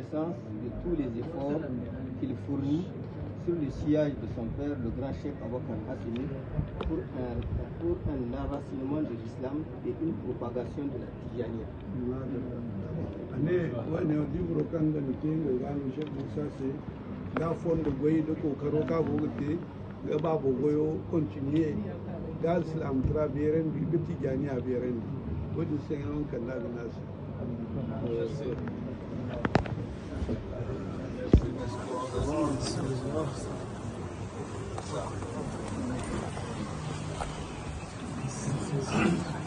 reconnaissance de tous les efforts qu'il fournit sur le sillage de son père, le grand chef Abokan Hassini, pour un, pour un enracinement de l'islam et une propagation de la Tijania. ne wani jibro kan da muke ga gano shek musa se da fondo goyi kokaro ka bogate ga babu goyo continue da islam tra beren bi biti jani a beren wadi sai an kan da nasi Thank you.